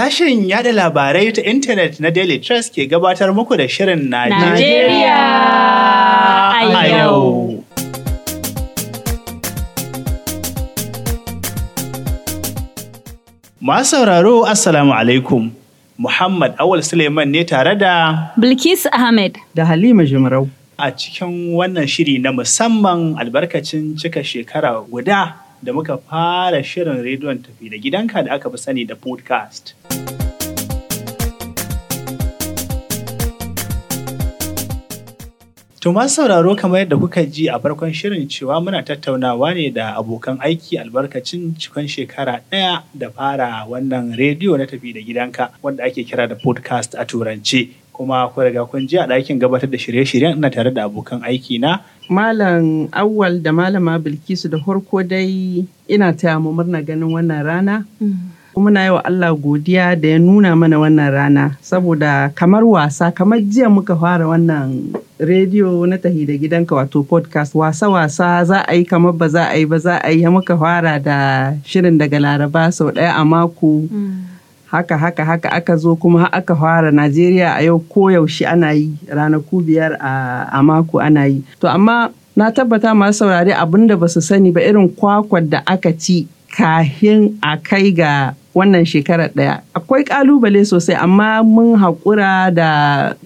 Sashen yada labarai ta intanet na Daily Trust ke gabatar muku da Shirin Najeriya a yau. Masu sauraro Assalamu alaikum. Muhammad Awal Suleiman ne tare da Bilkisu Ahmed da Halima Jimarau. A cikin wannan shiri na musamman albarkacin cika shekara guda da muka fara shirin rediyon tafi da gidanka da aka fi sani da podcast. To sauraro kamar yadda kuka ji a farkon shirin cewa muna tattaunawa ne da abokan aiki albarkacin cikon shekara ɗaya da fara wannan rediyo na tafi da gidanka wanda ake kira da podcast a turance kuma ku riga kun ji a ɗakin gabatar da shirye-shiryen ina tare da abokan aiki na. Malam Awal da Malama Bilkisu da horko dai ina taya mu murna ganin wannan rana. Mm. Kuma na yi wa Allah godiya da ya nuna mana wannan rana saboda kamar wasa kamar jiya muka fara wannan rediyo na tahi da gidanka wato podcast wasa-wasa za a yi kamar ba za a yi ba za a yi muka fara da shirin daga laraba sau ɗaya a mako. Mm. haka haka haka aka zo kuma aka fara najeriya a yau koyaushe ana yi ranaku biyar a mako ana yi to amma na tabbata masu saurari abin da ba su sani ba irin kwakwar da aka ci kahin a kai ga wannan shekarar ɗaya. Akwai ƙalubale sosai amma mun haƙura da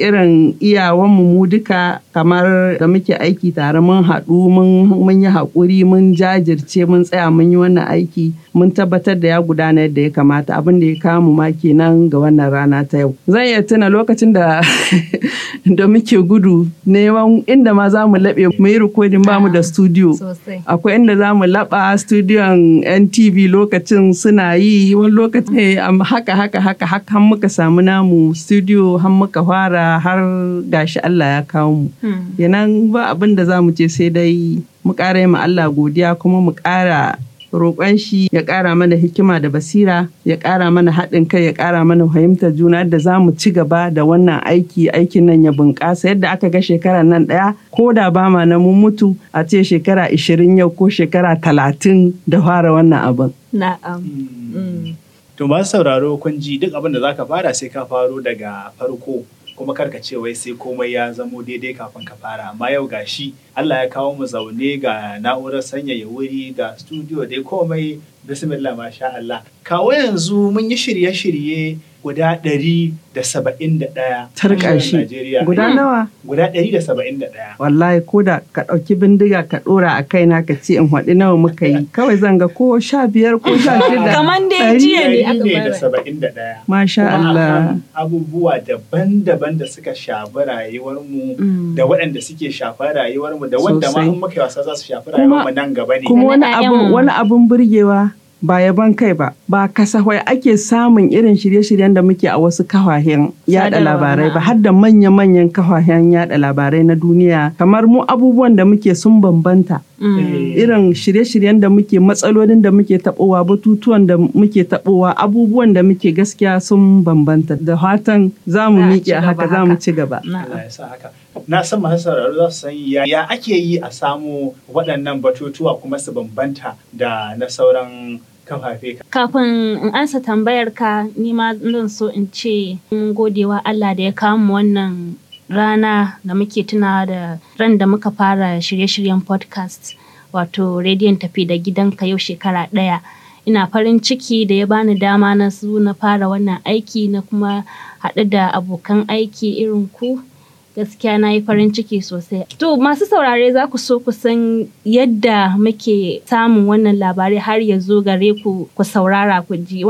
irin iyawanmu mu duka kamar da muke aiki tare mun haɗu mun yi haƙuri mun jajirce mun tsaya mun yi wannan aiki mun tabbatar da ya gudana yadda ya kamata abin da ya kamu ma kenan ga wannan rana ta yau zan iya tuna lokacin da da muke gudu neman inda ma za mu laɓe mu yi rikodin ba mu da studio akwai inda za mu laɓa studion ntv lokacin suna yi wani lokacin eh, haka haka haka haka har muka samu namu studio har muka fara har gashi allah ya kawo mu yanan ba abin da za mu ce sai dai mu ƙara yi Allah godiya kuma mu ƙara roƙon shi ya ƙara mana hikima da basira ya ƙara mana haɗin kai ya ƙara mana fahimtar juna da za mu ci gaba da wannan aiki aikin nan ya bunƙasa yadda aka ga shekara nan ɗaya ko da ba ma na mun mutu a ce shekara ishirin yau ko shekara talatin da fara wannan abin. Na'am. Hmm. To sauraro kun ji duk abin da za ka fara sai ka faro daga farko. kuma karka ce wai sai komai ya zamo daidai kafin ka fara amma yau gashi Allah ya kawo mu zaune ga na'urar sanyaya wuri ga studio dai komai bismillah masha Allah kawo yanzu mun yi shirye-shirye guda ɗari da saba'in da ɗaya. Tarka shi. Guda hmm. nawa? Guda ɗari da saba'in da ɗaya. Wallahi ko da ka ɗauki bindiga ka ɗora a kai na ka ce in haɗi nawa muka yi. Kawai zanga ko sha biyar ko sha shida. da jiya ne aka da saba'in da ɗaya. Masha Allah. Abubuwa daban-daban da suka shafi rayuwarmu hmm. da waɗanda suke shafa rayuwarmu da wanda ma in muka yi wasa za su shafi rayuwarmu nan gaba ne. Kuma wani abun burgewa. ba yaban kai ba ba kasafai ake samun irin shirye-shiryen da muke a wasu kafafen yada labarai ba har da manya-manyan kafafen yada labarai na duniya kamar mu abubuwan da muke sun bambanta mm. eh. irin shirye-shiryen da muke matsalolin da muke tabowa batutuwan da muke tabowa abubuwan da muke gaskiya sun bambanta da fatan za mu miƙe haka za mu ci gaba na san masu za su san ya ake yi a samu waɗannan batutuwa kuma su bambanta da na sauran Kafin in ansa tambayar ka nima zan so in ce mun godewa Allah da ya kawo mu wannan rana da muke tunawa da ran da muka fara shirye-shiryen podcast wato rediyon tafi da gidanka yau shekara ɗaya. Ina farin ciki da ya bani dama na su na fara wannan aiki na kuma haɗu da abokan aiki irin ku. gaskiya na yi farin ciki sosai. To masu saurare za ku so ku san yadda muke samun wannan labarai har ya zo gare ku ku saurara ku ji.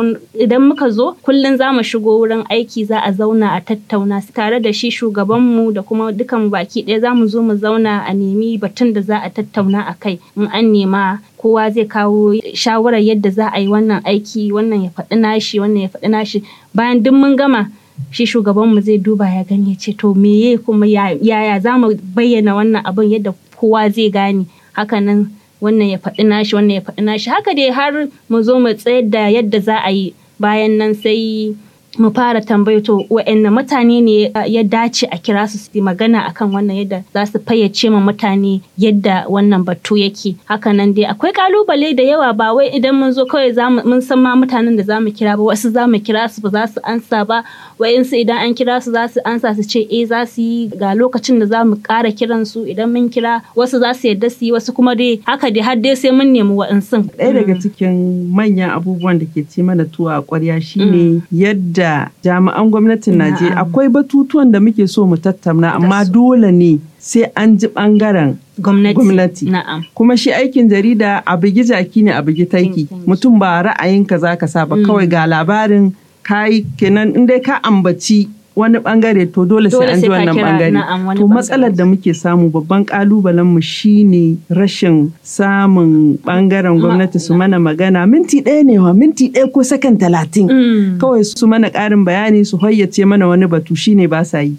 Idan muka zo kullum za mu shigo wurin aiki za a zauna a tattauna tare da shi shugabanmu da kuma dukan baki ɗaya za mu zo mu zauna a nemi batun da za a tattauna a kai in an nema kowa zai kawo shawarar yadda za a yi wannan aiki wannan ya faɗi nashi wannan ya faɗi nashi bayan duk mun gama shi shugabanmu zai duba ya gani ya ce to meye kuma yaya za mu bayyana wannan abin yadda kowa zai gane hakanan wannan ya faɗi nashi wannan ya faɗi nashi haka dai har mu zo mu tsayar da yadda za a yi bayan nan sai mu fara tambayo to wa'anne mutane ne ya dace a kira su su magana akan wannan yadda za su fayyace ma mutane yadda wannan batu yake haka nan dai akwai kalubale da yawa ba wai idan mun zo kawai mun san ma mutanen da za mu kira ba wasu za mu kira su ba za su ansa ba wa'insu idan an kira su za su ansa su ce eh za su yi ga lokacin da za mu kara kiran su idan mun kira wasu za su yadda su yi wasu kuma dai haka dai har dai sai mun nemi wa'insun. ɗaya daga cikin manyan abubuwan da ke ci mana tuwa a ƙwarya shine mm. yadda da jami'an gwamnatin Najeriya akwai batutuwan da muke so mu tattauna amma dole ne sai an ji bangaren gwamnati. Kuma shi aikin jarida a bugi jaki ne a bugi taiki. Mutum ba ra'ayinka za ka sa ba mm. kawai ga labarin kayi kenan in dai ka ambaci wani bangare to dole sai an ji wannan bangare to matsalar da muke samu babban kalubalen mu shine rashin samun bangaren gwamnati su mana magana minti ɗaya ne wa minti ɗaya ko sakan talatin mm. kawai su mana karin bayani su hoyyace mana wani batu shine ba sa yi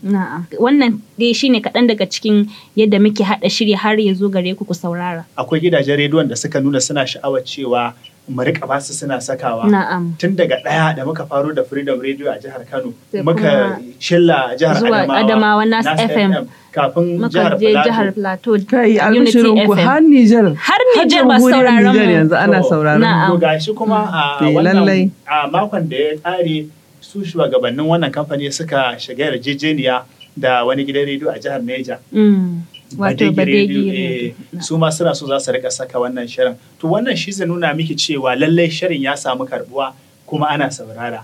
wannan dai shine kaɗan daga cikin yadda muke haɗa shiri har ya zo gare ku ku saurara akwai gidajen rediyon da suka nuna suna sha'awar cewa mu rika basu suna sakawa tun daga ɗaya da muka faro da freedom radio a jihar kano muka shilla a jihar adamawa nas fm kafin jihar plateau unity fm. har nijar har nijar ba sauraron mu yanzu ana sauraron mu ga shi kuma a wannan a makon da ya tsare su shugabannin wannan kamfani suka shiga yarjejeniya da wani gidan radio a jihar Neja. wato badegi su ma suna so za su rika saka wannan shirin to wannan shi zai nuna miki cewa lallai shirin ya samu karbuwa kuma ana saurara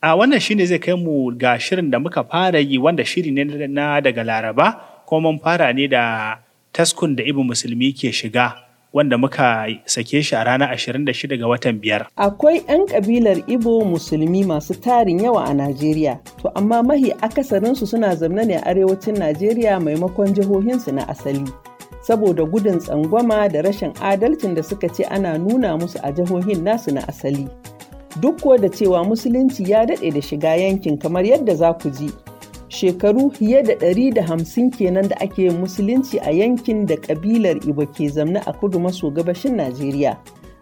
a wannan shine zai kai mu ga shirin da muka fara yi wanda shiri ne na daga laraba kuma mun fara ne da taskun da ibu musulmi ke shiga wanda muka sake shi a ranar 26 ga watan biyar. Akwai 'yan kabilar Ibo musulmi masu tarin yawa a Najeriya, to amma mahi akasarinsu suna zaune ne a arewacin Najeriya maimakon jihohinsu na asali. Saboda gudun tsangwama da rashin adalcin da suka ce ana nuna musu a jihohin nasu na asali. Duk da cewa musulunci ya daɗe da shiga yankin kamar yadda za ku ji, shekaru fiye da ɗari da hamsin kenan da ake yin musulunci a yankin da kabilar Ibo ke zamna a kudu maso gabashin Najeriya.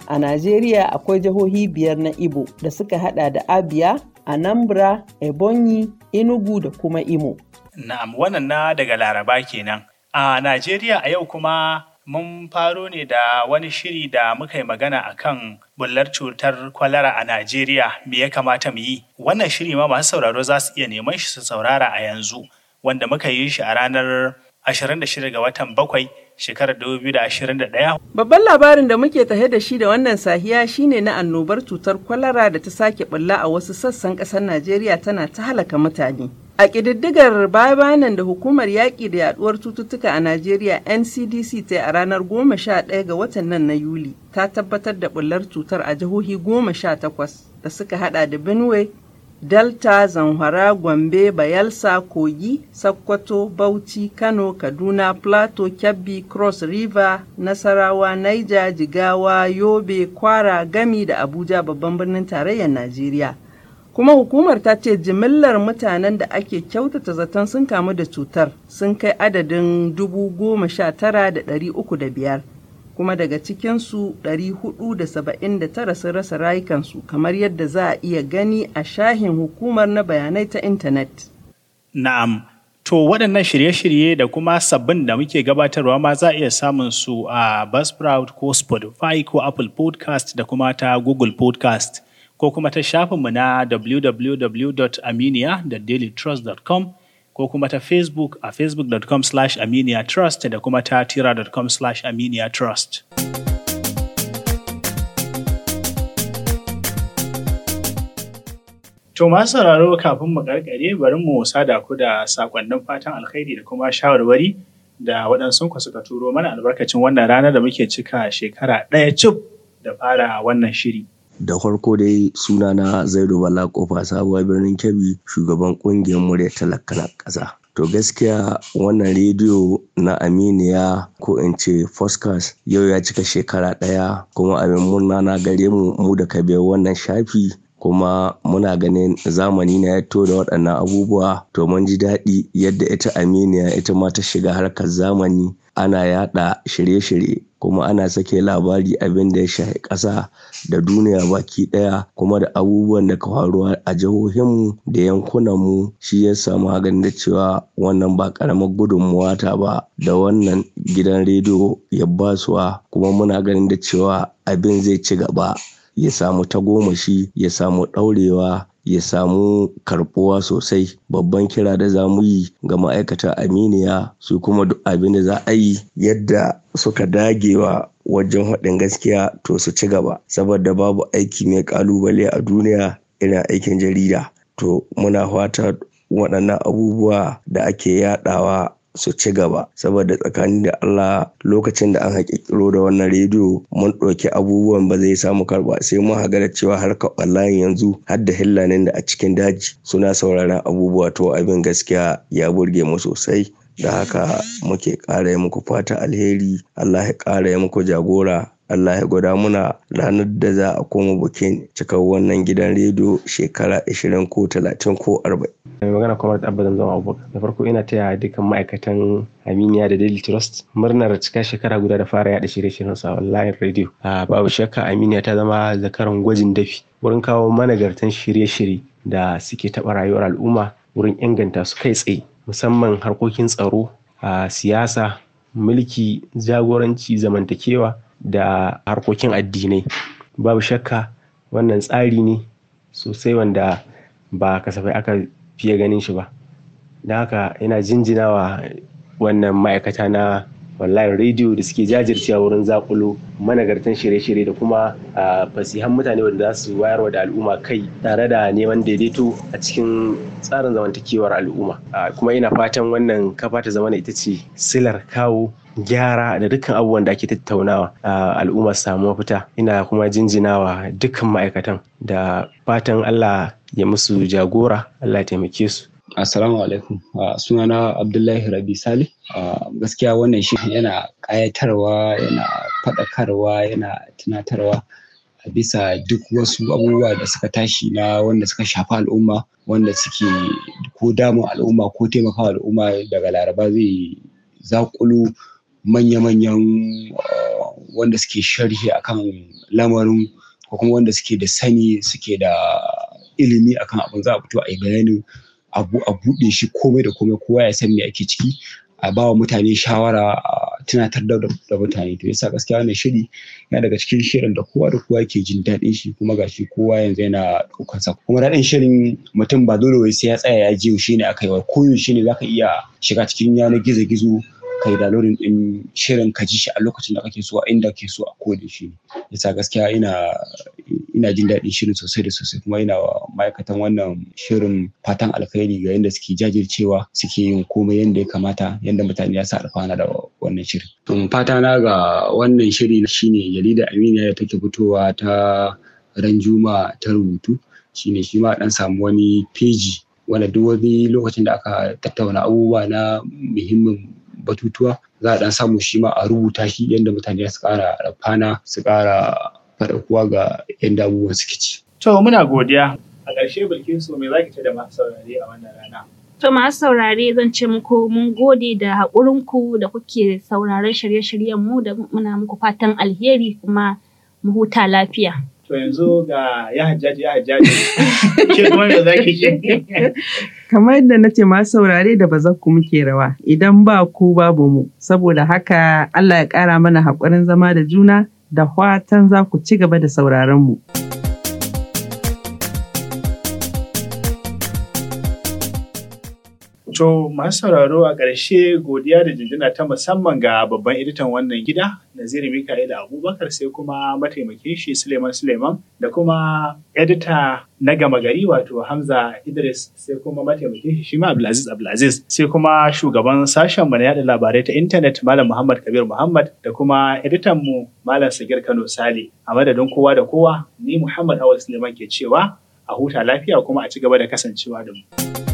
A Najeriya akwai jihohi biyar na Ibo da suka hada da Abia, Anambra, Ebonyi, Enugu da kuma Imo. Na'am, wannan na daga Laraba kenan. A Najeriya a yau kuma mun faro ne da wani shiri da muka yi magana a kan bullar cutar kwalara a Najeriya me ya kamata mu yi. Wannan shiri ma masu sauraro za su iya neman shi su saurara a yanzu wanda muka yi shi a ranar 26 ga watan bakwai shekarar 2021. Babban labarin da muke tahe da shi da wannan sahiya shine na annobar cutar kwalara da ta sake bulla a wasu sassan ƙasar Najeriya tana ta halaka mutane. A ƙididdigar baya-bayanan da hukumar yaƙi da yaɗuwar cututtuka a Najeriya NCDC ta yi a ranar 11 ga watan nan na Yuli ta tabbatar da ɓullar cutar a jihohi 18 da suka hada da Benue, Delta, Zamfara, Gombe, Bayelsa, Kogi, Sokoto, Bauchi, Kano, Kaduna, Plateau, Kebbi, Cross River, Nasarawa, Niger, Jigawa, Yobe, Kwara, Gami da Abuja babban birnin tarayyar Najeriya. kuma hukumar ta ce jimillar mutanen da ake kyautata zaton sun kamu da cutar sun kai adadin 19,305 kuma daga cikinsu 479 sun rasa rayukansu kamar yadda za a iya gani a shahin hukumar na bayanai ta intanet. Na'am, to waɗannan shirye-shirye da kuma sabbin da muke gabatarwa ma za a iya samun su a Buzzsprout ko Spotify ko Apple Podcast da kuma ta Google Podcast. ko kuma ta shafinmu na www.aminiya.dailytrust.com ko kuma ta Facebook a facebook.com slash trust da kuma ta tira.com slash trust. To masu sauraro kafin mu karkare bari mu sada ku da sakonnin fatan alkhairi da kuma shawarwari da waɗansu ku suka turo mana albarkacin wannan ranar da muke cika shekara ɗaya cif da fara wannan shiri. da farko dai suna sunana zaidu bala kofa sabuwar birnin kebbi shugaban kungiyar murya talaka na ƙasa to gaskiya wannan rediyo na aminiya ko in ce foscas yau ya cika shekara ɗaya kuma abin murna na gare mu mu da biya wannan shafi kuma muna ganin zamani na ya da waɗannan abubuwa to mun ji daɗi yadda ita aminiya ita ma ta shiga harkar zamani ana yada shirye-shirye kuma ana sake labari abin da ya shahi ƙasa da duniya baki ɗaya kuma da abubuwan da ka faruwa a jihohinmu da yankunanmu shi ya samu hagan da cewa wannan ba ƙaramar gudunmuwa ta ba da wannan gidan rediyo ya basuwa kuma muna ganin da cewa abin zai ci gaba ya samu tagomashi ya samu daurewa ya samu karbuwa sosai babban kira da za mu yi ga ma'aikatan aminiya su kuma duk abin da za a yi yadda suka dagewa wajen haɗin gaskiya to su ci gaba saboda babu aiki mai kalubale a duniya irin aikin jarida to muna fata waɗannan abubuwa da ake yadawa su ci gaba saboda tsakanin da Allah lokacin da an haƙiƙiro da wannan rediyo mun ɗauki abubuwan ba zai samu karɓa, sai mun haga da cewa harkar online yanzu har da hillanin da a cikin daji suna sauraron abubuwa to abin gaskiya ya burge mu sosai da haka muke ƙara muku fata alheri Allah ya ƙara muku jagora Allah ya gwada muna ranar da za a koma bukin cikar wannan gidan rediyo shekara 20 ko 30 ko 40. Mai magana da abin zama abubuwa. Da farko ina taya dukkan ma'aikatan Aminiya da Daily Trust murnar cika shekara guda da fara yaɗa shirye-shiryen sa online radio. babu shakka Aminiya ta zama zakaran gwajin dafi wurin kawo managartan shirye-shirye da suke taɓa rayuwar al'umma wurin inganta su kai tsaye musamman harkokin tsaro, siyasa, mulki, jagoranci, zamantakewa, da harkokin addinai. Babu shakka wannan tsari ne sosai wanda ba kasafai aka fiye ganin shi ba. Don haka yana jinjinawa wannan ma'aikata na online rediyo da suke jajircewa wurin zakulo managartan shirye-shirye da kuma, a fasihan mutane wanda za su wayar wa da al'umma kai tare da neman daidaito a cikin tsarin zamantakewar al'umma. kuma ina fatan wannan kafa ta zamana ita ce silar kawo gyara da dukkan abubuwan da ake tattaunawa al'ummar al'ummar samu mafita ina kuma jinjinawa dukkan ma'aikatan da fatan Allah ya musu jagora Allah ya taimake su Assalamu alaikum. sunana Abdullahi Rabi Salih. gaskiya wannan shi yana kayatarwa yana faɗakarwa, yana tunatarwa a bisa duk wasu abubuwa da suka tashi na wanda suka shafi al'umma, wanda suke ko damun al'umma ko taimakawa al'umma daga laraba zai zaƙulu manya-manyan uh, wanda suke sharhi akan lamarin ko kuma wanda suke da sani suke da ilimi akan abin za a fito a yi bayanin abu a buɗe shi komai da komai kowa ya san me ake ciki a ba wa mutane shawara a tunatar da mutane to yasa gaskiya wannan shiri yana daga cikin shirin da kowa da kowa ke jin daɗin shi kuma gashi kowa yanzu yana ɗaukar sa kuma daɗin shirin mutum ba dole wai sai ya tsaya ya je shi ne aka yi wa koyo shi ne zaka iya shiga cikin yanar gizo-gizo kai downloading din shirin ka ji shi a lokacin da kake so a inda kake so a koda shi yasa gaskiya ina ina jin daɗin shirin sosai da sosai kuma ina ma'aikatan wannan shirin fatan alkhairi ga yadda suke jajircewa suke yin komai yadda ya kamata yadda mutane ya sa alfana da wannan shirin. To fata na ga wannan shiri shine jarida Aminiya da take fitowa ta ran Ranjuma ta rubutu shine shi ma dan samu wani peji wanda duk wani lokacin da aka tattauna abubuwa na muhimmin batutuwa za a dan samu shi ma a rubuta shi yadda mutane su ƙara rafana su ƙara faɗakuwa ga 'yan abubuwan suke ci. To muna godiya. A ƙarshe Bilkisu me za ki ce da masu saurare a wannan rana? To masu saurare zan ce muku mun gode da haƙurinku da kuke sauraron shirye-shiryen mu da muna muku fatan alheri kuma mu huta lafiya. to yanzu ga ya hajjaji ya hajjaji ke kuma me zaki ce kamar yadda na ce ma saurare da ba ku muke rawa idan ba ku babu mu saboda haka Allah ya ƙara mana haƙurin zama da juna da fatan za ku ci gaba da sauraron mu. To masu sauraro a ƙarshe godiya da jinjina ta musamman ga babban editan wannan gida Naziru Mika'il Abubakar sai kuma mataimakin shi Suleiman Suleiman da kuma edita na gama gari wato Hamza Idris sai kuma mataimakin shi Shima Abdulaziz Abdulaziz sai kuma shugaban sashen mu na yada labarai ta intanet Malam Muhammad Kabir Muhammad da kuma editan mu Malam Sagir Kano Sale a madadin kowa da kowa ni Muhammad Awal Suleiman ke cewa a huta lafiya kuma a ci gaba da kasancewa da mu.